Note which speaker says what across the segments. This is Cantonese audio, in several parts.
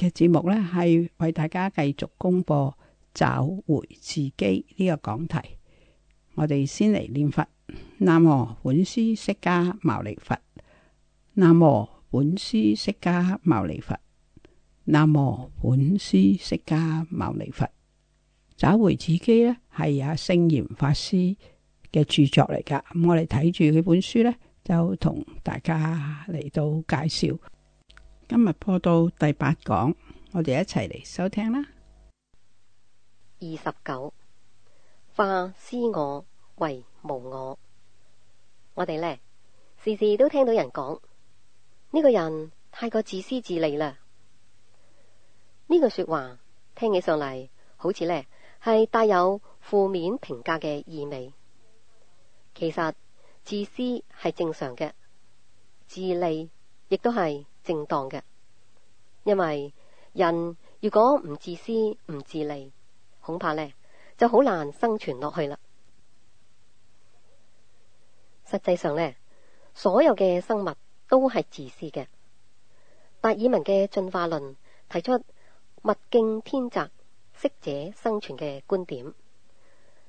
Speaker 1: 嘅節目呢係為大家繼續公布找回自己呢個講題。我哋先嚟念佛：南無本師釋迦牟尼佛，南無本師釋迦牟尼佛，南無本師釋迦牟尼佛。找回自己呢係阿聖嚴法師嘅著作嚟噶。咁我哋睇住佢本書呢，就同大家嚟到介紹。今日破到第八講，我哋一齊嚟收聽啦。
Speaker 2: 二十九，化私我為無我。我哋呢時時都聽到人講，呢個人太過自私自利啦。呢個說話聽起上嚟，好似呢係帶有負面評價嘅意味。其實自私係正常嘅，自利亦都係。正當嘅，因為人如果唔自私唔自利，恐怕呢就好難生存落去啦。實際上呢，所有嘅生物都係自私嘅。達爾文嘅進化論提出物競天擇、適者生存嘅觀點，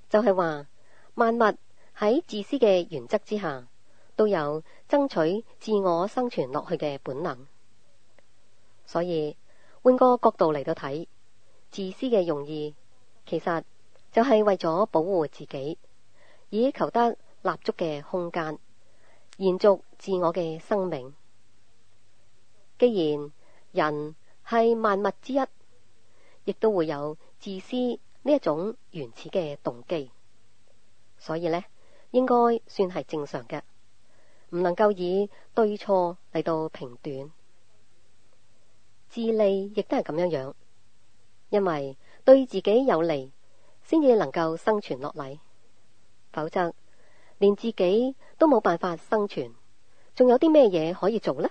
Speaker 2: 就係話萬物喺自私嘅原則之下，都有爭取自我生存落去嘅本能，所以換個角度嚟到睇，自私嘅容易其實就係為咗保護自己，以求得立足嘅空間，延續自我嘅生命。既然人係萬物之一，亦都會有自私呢一種原始嘅動機，所以呢應該算係正常嘅。唔能夠以對錯嚟到評斷，自利亦都係咁樣樣，因為對自己有利，先至能夠生存落嚟，否則連自己都冇辦法生存，仲有啲咩嘢可以做呢？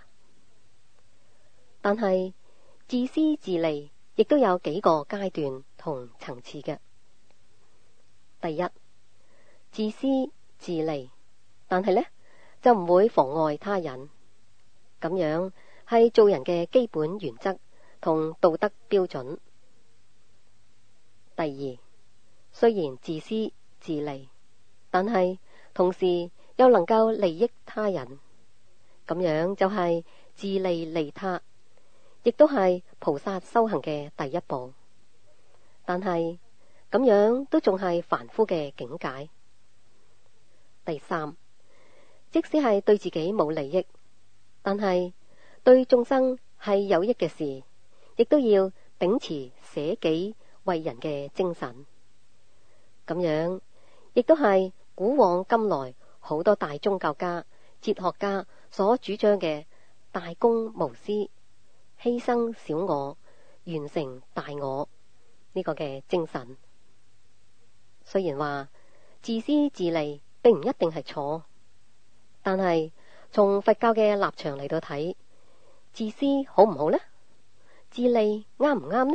Speaker 2: 但係自私自利亦都有幾個階段同層次嘅，第一，自私自利，但係呢。就唔會妨礙他人，咁樣係做人嘅基本原則同道德標準。第二，雖然自私自利，但係同時又能夠利益他人，咁樣就係自利利他，亦都係菩薩修行嘅第一步。但係咁樣都仲係凡夫嘅境界。第三。即使係對自己冇利益，但係對眾生係有益嘅事，亦都要秉持捨己為人嘅精神。咁樣亦都係古往今來好多大宗教家、哲學家所主張嘅大公無私、犧牲小我、完成大我呢個嘅精神。雖然話自私自利並唔一定係錯。但係從佛教嘅立場嚟到睇，自私好唔好呢？自利啱唔啱呢？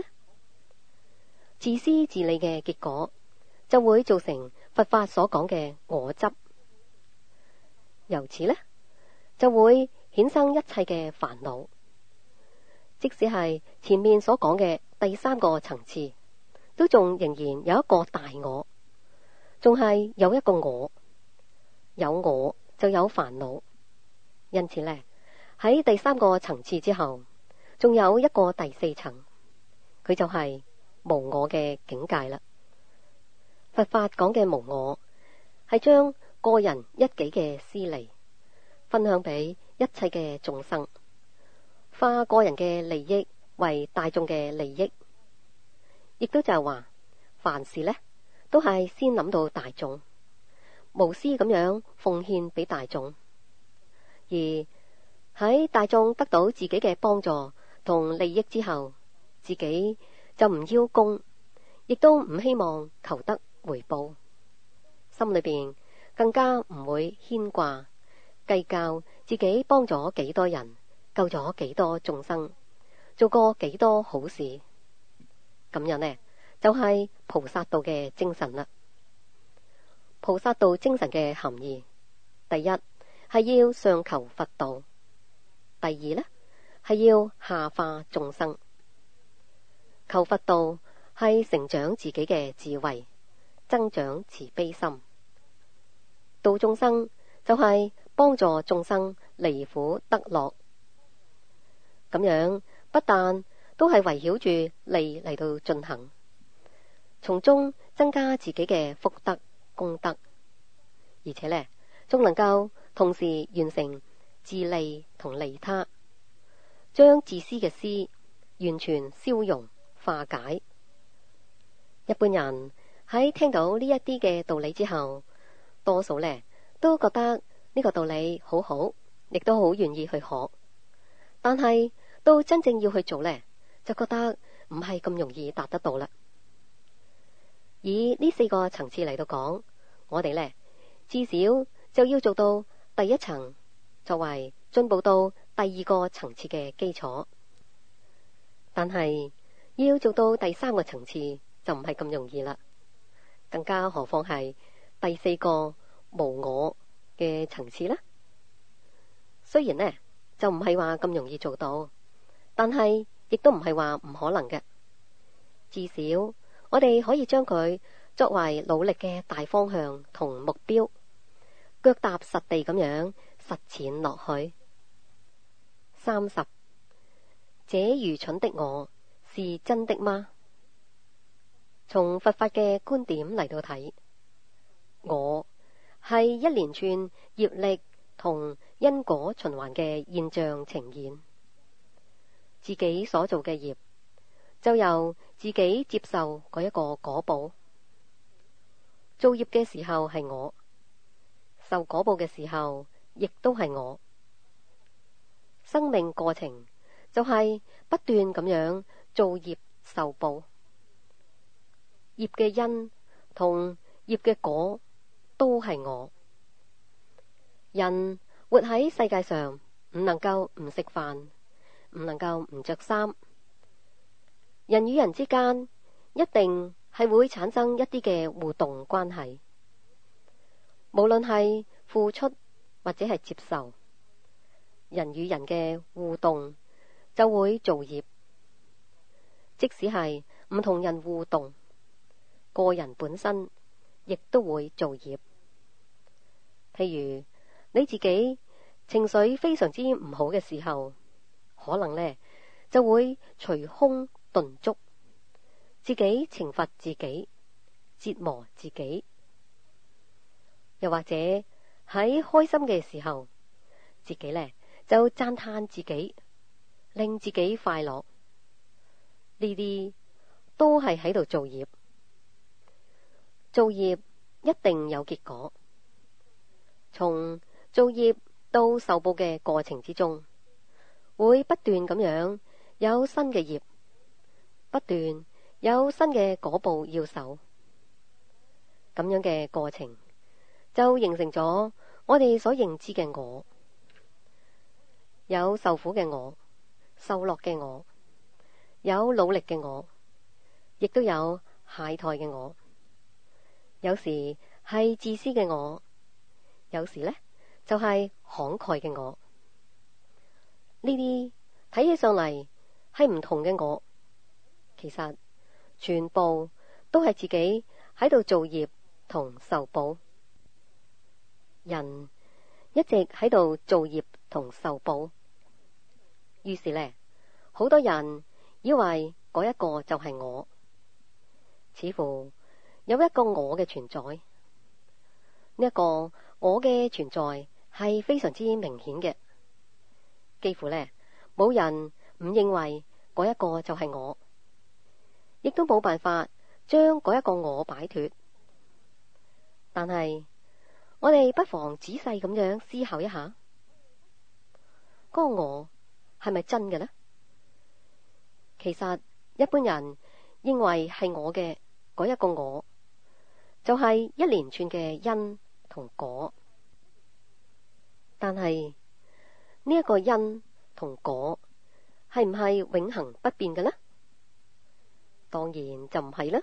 Speaker 2: 自私自利嘅結果就會造成佛法所講嘅我執，由此呢就會衍生一切嘅煩惱。即使係前面所講嘅第三個層次，都仲仍然有一個大我，仲係有一個我，有我。就有煩惱，因此呢，喺第三個層次之後，仲有一個第四層，佢就係無我嘅境界啦。佛法講嘅無我，係將個人一己嘅私利分享俾一切嘅眾生，化個人嘅利益為大眾嘅利益，亦都就係話凡事呢都係先諗到大眾。無私咁樣奉獻俾大眾，而喺大眾得到自己嘅幫助同利益之後，自己就唔邀功，亦都唔希望求得回報，心裏邊更加唔會牽掛，計較自己幫咗幾多人，救咗幾多眾生，做過幾多好事。咁樣呢，就係菩薩道嘅精神啦。菩薩道精神嘅含義，第一係要上求佛道，第二呢係要下化眾生。求佛道係成長自己嘅智慧，增長慈悲心；度眾生就係、是、幫助眾生離苦得樂，咁樣不但都係圍繞住利嚟到進行，從中增加自己嘅福德。功德，而且呢，仲能夠同時完成自利同利他，將自私嘅私完全消融化解。一般人喺聽到呢一啲嘅道理之後，多數呢都覺得呢個道理好好，亦都好願意去學。但係到真正要去做呢，就覺得唔係咁容易達得到啦。以呢四個層次嚟到講，我哋呢至少就要做到第一層，作為進步到第二個層次嘅基礎。但係要做到第三個層次就唔係咁容易啦，更加何況係第四個無我嘅層次呢？雖然呢就唔係話咁容易做到，但係亦都唔係話唔可能嘅，至少。我哋可以將佢作為努力嘅大方向同目標，腳踏實地咁樣實踐落去。三十，這愚蠢的我，是真的嗎？從佛法嘅觀點嚟到睇，我係一連串業力同因果循環嘅現象呈現，自己所做嘅業。就由自己接受嗰一個果報。做業嘅時候係我，受果報嘅時候，亦都係我。生命過程就係不斷咁樣做業受報。業嘅因同業嘅果都係我。人活喺世界上，唔能夠唔食飯，唔能夠唔着衫。人與人之間一定係會產生一啲嘅互動關係，無論係付出或者係接受，人與人嘅互動就會造業。即使係唔同人互動，個人本身亦都會造業。譬如你自己情緒非常之唔好嘅時候，可能呢就會隨空。頓足，自己懲罰自己，折磨自己，又或者喺開心嘅時候，自己呢就讚嘆自己，令自己快樂。呢啲都係喺度做業，做業一定有結果。從做業到受報嘅過程之中，會不斷咁樣有新嘅業。不斷有新嘅果報要受，咁樣嘅過程就形成咗我哋所認知嘅我，有受苦嘅我，受落嘅我，有努力嘅我，亦都有懈怠嘅我。有時係自私嘅我，有時呢就係、是、慷慨嘅我。呢啲睇起上嚟係唔同嘅我。其實全部都係自己喺度造業同受報，人一直喺度造業同受報，於是呢，好多人以為嗰一個就係我，似乎有一個我嘅存在。呢一個我嘅存在係非常之明顯嘅，幾乎呢，冇人唔認為嗰一個就係我。亦都冇辦法將嗰一個我擺脫，但係我哋不妨仔細咁樣思考一下，嗰個我係咪真嘅呢？其實一般人認為係我嘅嗰一個我，就係一連串嘅因同果，但係呢一個因同果係唔係永恆不變嘅呢？當然就唔係啦。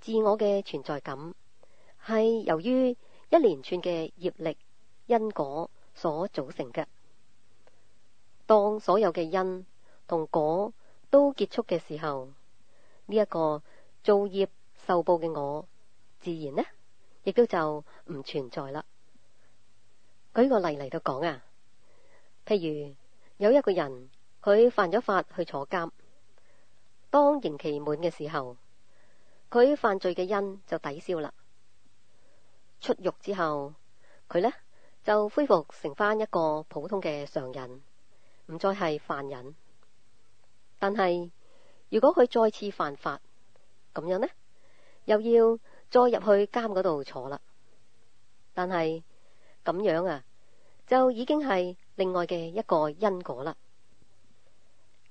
Speaker 2: 自我嘅存在感係由於一連串嘅業力因果所組成嘅。當所有嘅因同果都結束嘅時候，呢、這、一個造業受報嘅我，自然呢亦都就唔存在啦。舉個例嚟到講啊，譬如，有一個人佢犯咗法去坐監。當刑期滿嘅時候，佢犯罪嘅因就抵消啦。出獄之後，佢呢就恢復成翻一個普通嘅常人，唔再係犯人。但係如果佢再次犯法，咁樣呢又要再入去監嗰度坐啦。但係咁樣啊，就已經係另外嘅一個因果啦。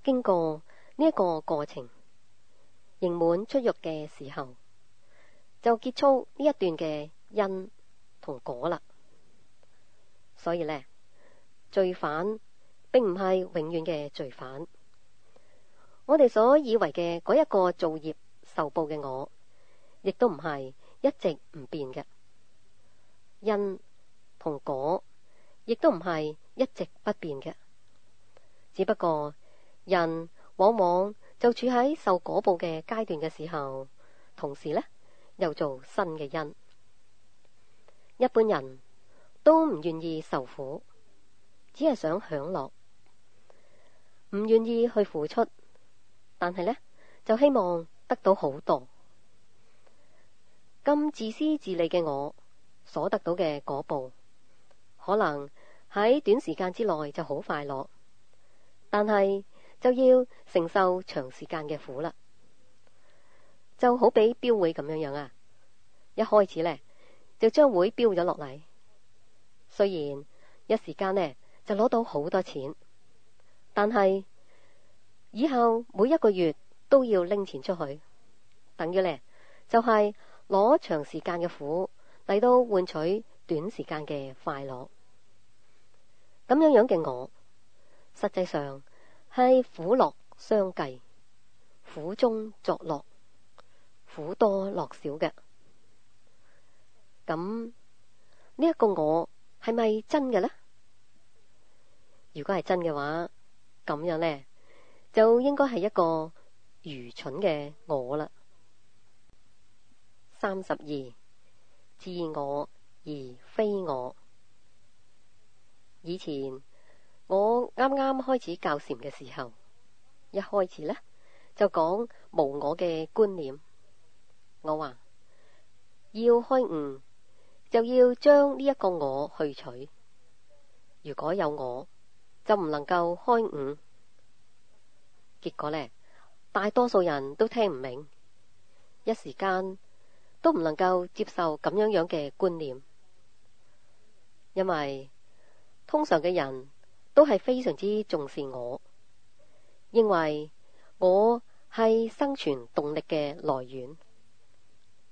Speaker 2: 經過。呢一個過程，刑滿出獄嘅時候，就結束呢一段嘅因同果啦。所以呢，罪犯並唔係永遠嘅罪犯。我哋所以為嘅嗰一個造業受報嘅我，亦都唔係一直唔變嘅因同果，亦都唔係一直不變嘅。只不過人。因往往就處喺受果報嘅階段嘅時候，同時呢，又做新嘅因。一般人都唔願意受苦，只係想享樂，唔願意去付出，但係呢，就希望得到好多。咁自私自利嘅我所得到嘅果報，可能喺短時間之內就好快樂，但係。就要承受長時間嘅苦啦，就好比標會咁樣樣啊！一開始呢，就將會標咗落嚟，雖然一時間呢，就攞到好多錢，但係以後每一個月都要拎錢出去，等於呢，就係、是、攞長時間嘅苦嚟到換取短時間嘅快樂。咁樣樣嘅我，實際上。係苦樂相繼，苦中作樂，苦多樂少嘅。咁呢一個我係咪真嘅呢？如果係真嘅話，咁樣呢，就應該係一個愚蠢嘅我啦。三十二，自我而非我。以前。我啱啱開始教禪嘅時候，一開始呢，就講無我嘅觀念。我話要開悟就要將呢一個我去除。如果有我就唔能夠開悟。結果呢，大多數人都聽唔明，一時間都唔能夠接受咁樣樣嘅觀念，因為通常嘅人。都係非常之重視我，認為我係生存動力嘅來源。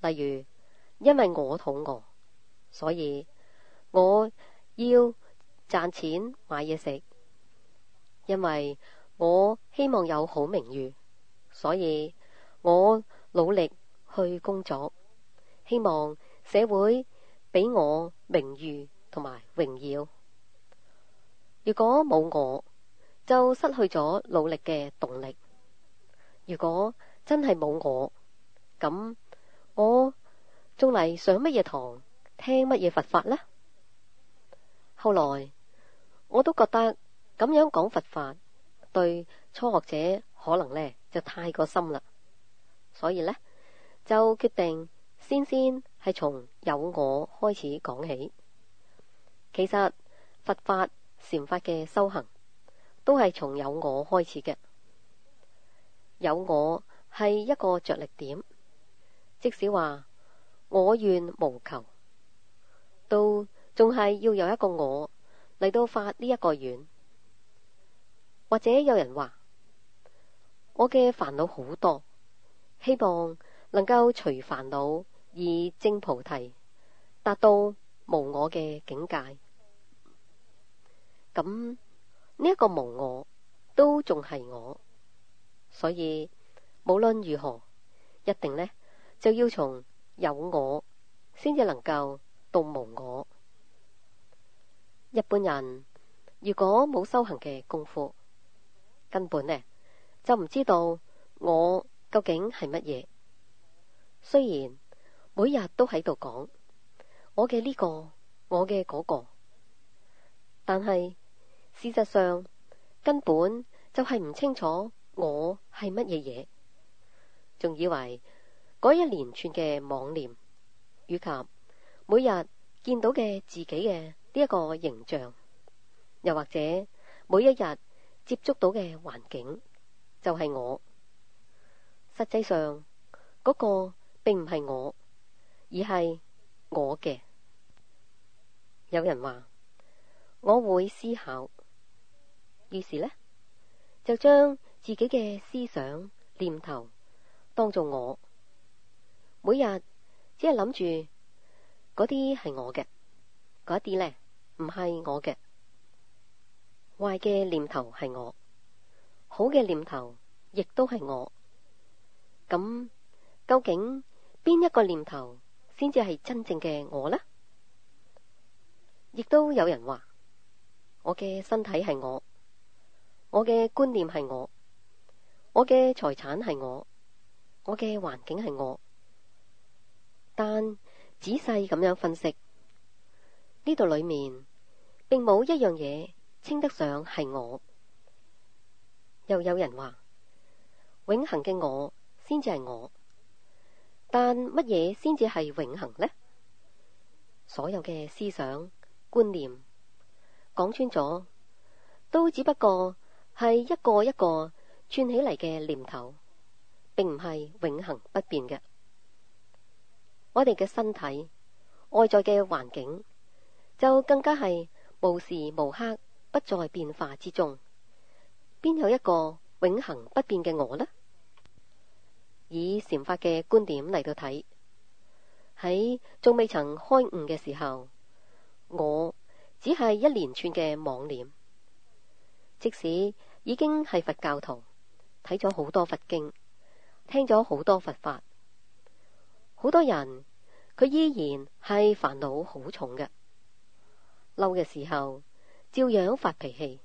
Speaker 2: 例如，因為我肚餓，所以我要賺錢買嘢食；因為我希望有好名譽，所以我努力去工作，希望社會俾我名譽同埋榮耀。如果冇我，就失去咗努力嘅動力。如果真係冇我，咁我仲嚟上乜嘢堂，聽乜嘢佛法呢？後來我都覺得咁樣講佛法對初學者可能呢就太過深啦，所以呢，就決定先先係從有我開始講起。其實佛法。禪法嘅修行都係從有我開始嘅，有我係一個着力點。即使話我願無求，都仲係要有一個我嚟到發呢一個願。或者有人話我嘅煩惱好多，希望能夠除煩惱而證菩提，達到無我嘅境界。咁呢一個無我都仲係我，所以無論如何，一定呢，就要從有我先至能夠到無我。日本人如果冇修行嘅功夫，根本呢，就唔知道我究竟係乜嘢。雖然每日都喺度講我嘅呢個，我嘅嗰個，但係。事實上，根本就係唔清楚我係乜嘢嘢，仲以為嗰一連串嘅妄念，以及每日見到嘅自己嘅呢一個形象，又或者每一日接觸到嘅環境，就係我。實際上，嗰個並唔係我，而係我嘅。有人話我會思考。於是呢，就將自己嘅思想念頭當做我，每日只係諗住嗰啲係我嘅，嗰啲呢唔係我嘅。壞嘅念頭係我，好嘅念頭亦都係我。咁究竟邊一個念頭先至係真正嘅我呢？亦都有人話我嘅身體係我。我嘅觀念係我，我嘅財產係我，我嘅環境係我，但仔細咁樣分析，呢度裏面，並冇一樣嘢稱得上係我。又有人話永恆嘅我先至係我，但乜嘢先至係永恆呢？所有嘅思想觀念講穿咗，都只不過。係一個一個串起嚟嘅念頭，並唔係永恆不變嘅。我哋嘅身體、外在嘅環境，就更加係無時無刻不在變化之中。邊有一個永恆不變嘅我呢？以禪法嘅觀點嚟到睇，喺仲未曾開悟嘅時候，我只係一連串嘅妄念。即使已經係佛教徒，睇咗好多佛經，聽咗好多佛法，好多人佢依然係煩惱好重嘅，嬲嘅時候照樣發脾氣，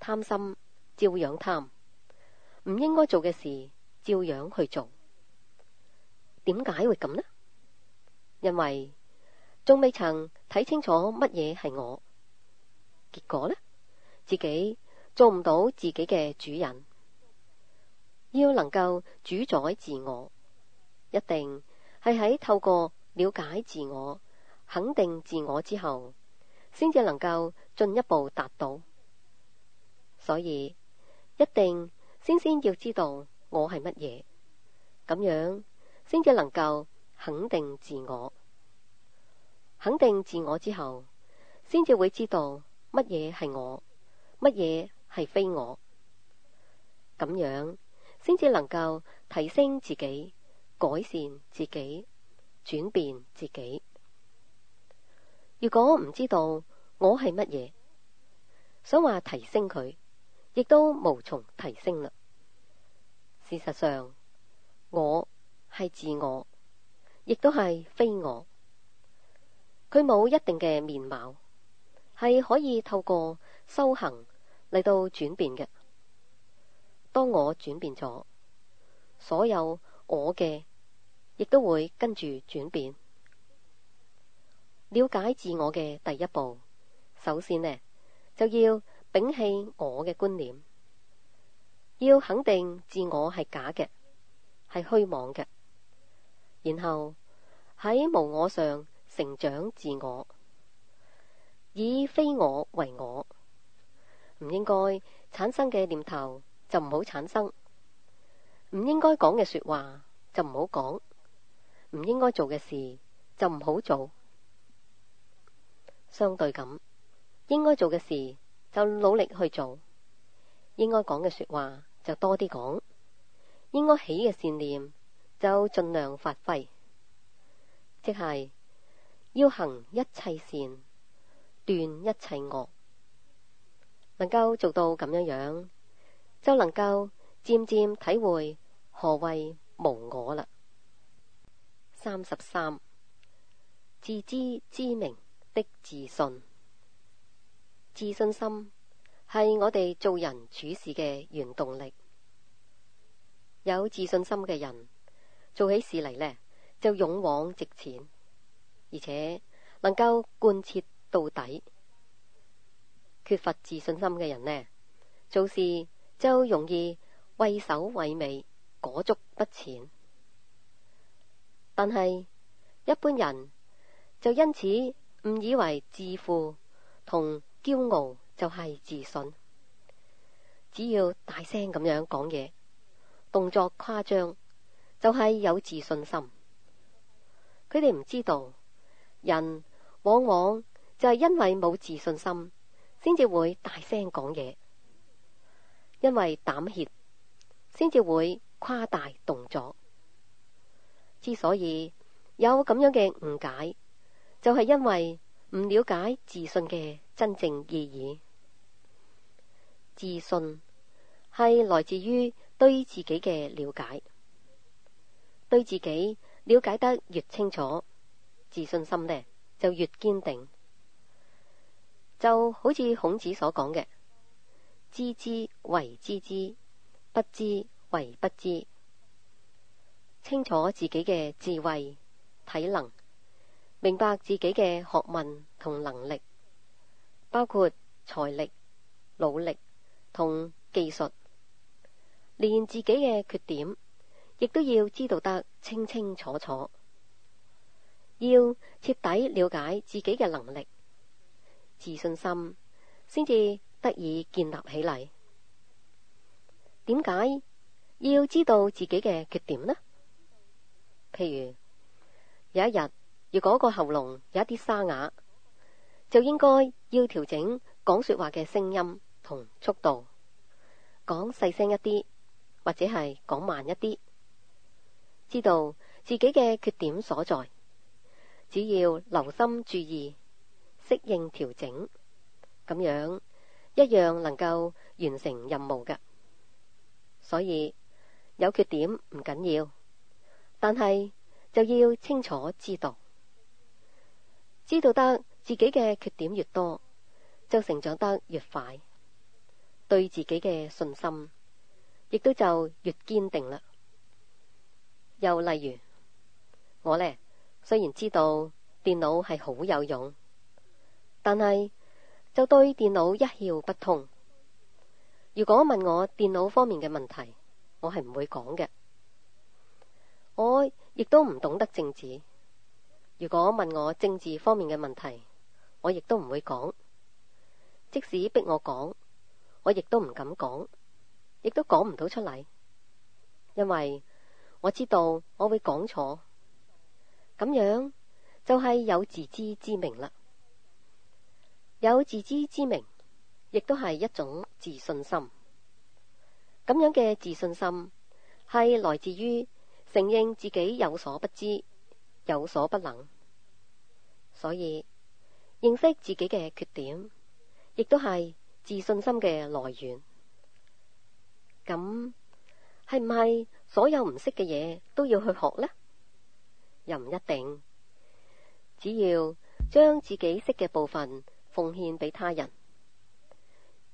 Speaker 2: 貪心照樣貪，唔應該做嘅事照樣去做，點解會咁呢？因為仲未曾睇清楚乜嘢係我，結果呢？自己做唔到自己嘅主人，要能夠主宰自我，一定係喺透過了解自我、肯定自我之後，先至能夠進一步達到。所以，一定先先要知道我係乜嘢，咁樣先至能夠肯定自我。肯定自我之後，先至會知道乜嘢係我。乜嘢係非我？咁樣先至能夠提升自己、改善自己、轉變自己。如果唔知道我係乜嘢，想話提升佢，亦都無從提升嘞。事實上，我係自我，亦都係非我。佢冇一定嘅面貌，係可以透過修行。嚟到轉變嘅，當我轉變咗，所有我嘅，亦都會跟住轉變。了解自我嘅第一步，首先呢，就要摒棄我嘅觀念，要肯定自我係假嘅，係虛妄嘅。然後喺無我上成長自我，以非我為我。唔應該產生嘅念頭就唔好產生，唔應該講嘅說話就唔好講，唔應該做嘅事就唔好做。相對咁，應該做嘅事就努力去做，應該講嘅說話就多啲講，應該起嘅善念就盡量發揮，即係要行一切善，斷一切惡。能夠做到咁樣樣，就能夠漸漸體會何謂無我啦。三十三，自知之明的自信，自信心係我哋做人處事嘅原動力。有自信心嘅人，做起事嚟呢，就勇往直前，而且能夠貫徹到底。缺乏自信心嘅人呢，做事就容易畏首畏尾，裹足不前。但係一般人就因此誤以為自負同驕傲就係自信，只要大聲咁樣講嘢，動作誇張就係有自信心。佢哋唔知道，人往往就係因為冇自信心。先至會大聲講嘢，因為膽怯；先至會誇大動作。之所以有咁樣嘅誤解，就係因為唔了解自信嘅真正意義。自信係來自於對自己嘅了解，對自己了解得越清楚，自信心呢就越堅定。就好似孔子所講嘅，知之為知之，不知為不知。清楚自己嘅智慧、體能，明白自己嘅學問同能力，包括財力、努力同技術，連自己嘅缺點，亦都要知道得清清楚楚，要徹底了解自己嘅能力。自信心先至得以建立起嚟。點解要知道自己嘅缺點呢？譬如有一日，如果個喉嚨有一啲沙啞，就應該要調整講說話嘅聲音同速度，講細聲一啲，或者係講慢一啲。知道自己嘅缺點所在，只要留心注意。適應調整，咁樣一樣能夠完成任務嘅。所以有缺點唔緊要，但係就要清楚知道，知道得自己嘅缺點越多，就成長得越快，對自己嘅信心亦都就越堅定啦。又例如，我呢，雖然知道電腦係好有用。但係就對電腦一竅不通。如果問我電腦方面嘅問題，我係唔會講嘅。我亦都唔懂得政治。如果問我政治方面嘅問題，我亦都唔會講。即使逼我講，我亦都唔敢講，亦都講唔到出嚟。因為我知道我會講錯。咁樣就係有自知之明啦。有自知之明，亦都係一種自信心。咁樣嘅自信心係來自於承認自己有所不知、有所不能，所以認識自己嘅缺點，亦都係自信心嘅來源。咁係唔係所有唔識嘅嘢，都要去學呢？又唔一定，只要將自己識嘅部分。奉獻俾他人。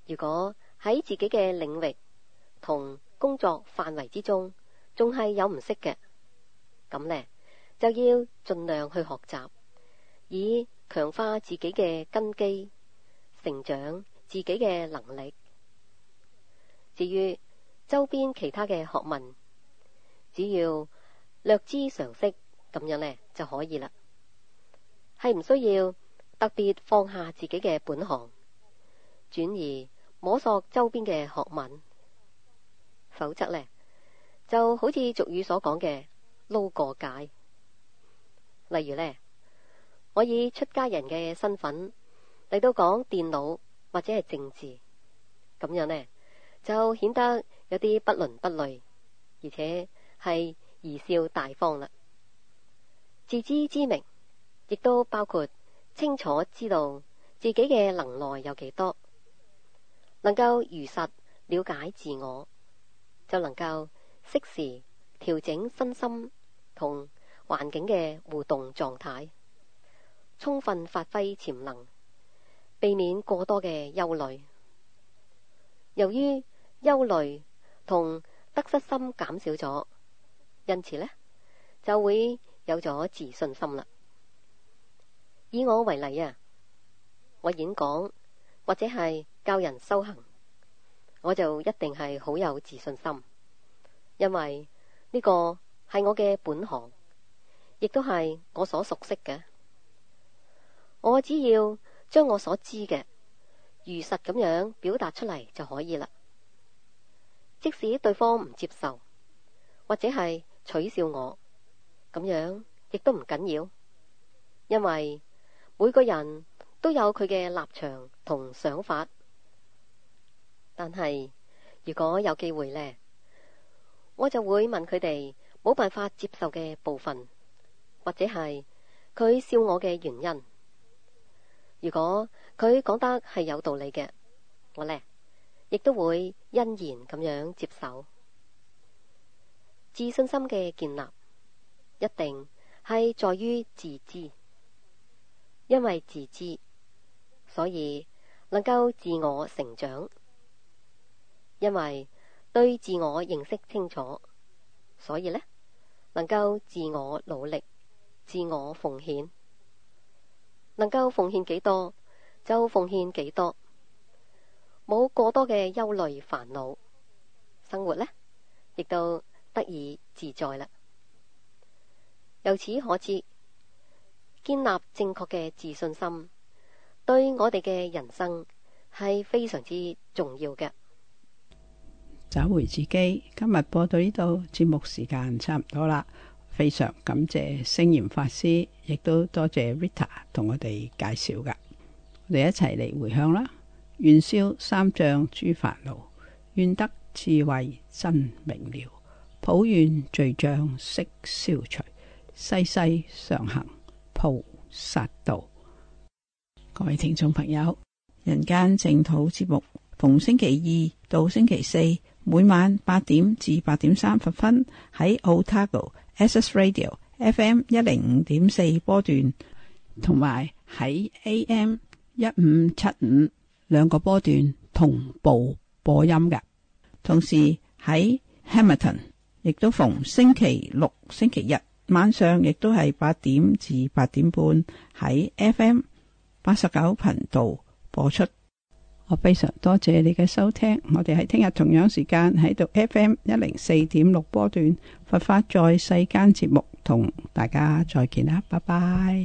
Speaker 2: 如果喺自己嘅領域同工作範圍之中仲係有唔識嘅，咁呢就要盡量去學習，以強化自己嘅根基，成長自己嘅能力。至於周邊其他嘅學問，只要略知常識，咁樣呢就可以啦，係唔需要。特別放下自己嘅本行，轉而摸索周邊嘅學問，否則呢，就好似俗語所講嘅撈過界。例如呢，我以出家人嘅身份嚟到講電腦或者係政治，咁樣呢，就顯得有啲不倫不類，而且係貽笑大方啦。自知之明亦都包括清楚知道自己嘅能耐有幾多，能夠如實了解自我，就能夠適時調整身心同環境嘅互動狀態，充分發揮潛能，避免過多嘅憂慮。由於憂慮同得失心減少咗，因此呢就會有咗自信心啦。以我為例啊，我演講或者係教人修行，我就一定係好有自信心，因為呢個係我嘅本行，亦都係我所熟悉嘅。我只要將我所知嘅如實咁樣表達出嚟，就可以啦。即使對方唔接受，或者係取笑我，咁樣亦都唔緊要，因為。每個人都有佢嘅立場同想法，但係如果有機會呢，我就會問佢哋冇辦法接受嘅部分，或者係佢笑我嘅原因。如果佢講得係有道理嘅，我呢亦都會欣然咁樣接受。自信心嘅建立，一定係在於自知。因為自知，所以能夠自我成長；因為對自我認識清楚，所以呢，能夠自我努力、自我奉獻，能夠奉獻幾多就奉獻幾多，冇過多嘅憂慮煩惱，生活呢，亦都得以自在啦。由此可知。建立正確嘅自信心，對我哋嘅人生係非常之重要嘅。
Speaker 1: 找回自己，今日播到呢度，節目時間差唔多啦。非常感謝星言法師，亦都多謝 Rita 同我哋介紹㗎。我哋一齊嚟回向啦！願消三障諸煩惱，願得智慧真明了，普願罪障悉消除，世世常行，暴殺道，各位聽眾朋友，人間淨土節目逢星期二到星期四每晚八點至八點三十分喺 Otago SS Radio FM 一零五點四波段，同埋喺 AM 一五七五兩個波段同步播音㗎。同時喺 Hamilton 亦都逢星期六、星期日。晚上亦都係八點至八點半喺 FM 八十九頻道播出。我非常多謝你嘅收聽，我哋喺聽日同樣時間喺度 FM 一零四點六波段佛法在世間節目，同大家再見啦，拜拜。